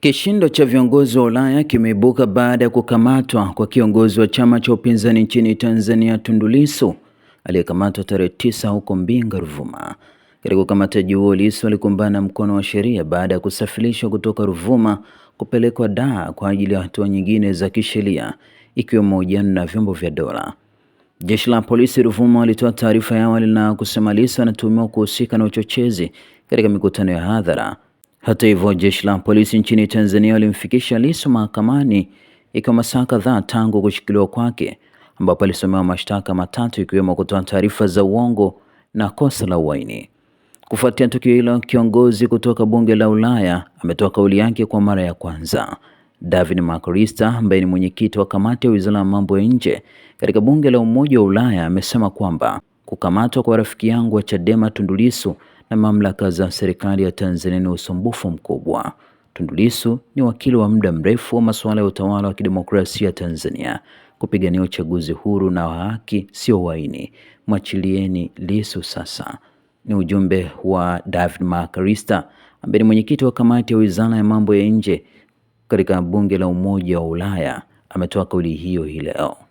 Kishindo cha viongozi wa Ulaya kimeibuka baada ya kukamatwa kwa kiongozi wa chama cha upinzani nchini Tanzania Tundu Lissu aliyekamatwa tarehe tisa huko Mbinga Ruvuma. Katika ukamataji huo, Lissu alikumbana mkono wa sheria baada ya kusafirishwa kutoka Ruvuma kupelekwa Dar kwa ajili ya hatua nyingine za kisheria ikiwemo mahojiano na vyombo vya dola. Jeshi la polisi Ruvuma walitoa taarifa ya awali na kusema Lissu anatuhumiwa kuhusika na uchochezi katika mikutano ya hadhara hata hivyo, jeshi la polisi nchini Tanzania limfikisha Lissu mahakamani ikiwa masaa kadhaa tangu kushikiliwa kwake, ambapo alisomewa mashtaka matatu ikiwemo kutoa taarifa za uongo na kosa la uhaini. Kufuatia tukio hilo, kiongozi kutoka bunge la Ulaya ametoa kauli yake kwa mara ya kwanza. David McAllister ambaye ni mwenyekiti wa kamati ya wizara ya mambo ya nje katika bunge la Umoja wa Ulaya amesema kwamba Kukamatwa kwa rafiki yangu wa Chadema Tundu Lissu na mamlaka za serikali ya Tanzania ni usumbufu mkubwa. Tundu Lissu ni wakili wa muda mrefu wa masuala ya utawala wa kidemokrasia Tanzania, kupigania uchaguzi huru na wa haki, sio waini Mwachilieni Lissu sasa. Ni ujumbe wa David Makarista ambaye ni mwenyekiti wa kamati ya wizara ya mambo ya nje katika bunge la Umoja wa Ulaya ametoa kauli hiyo hii leo.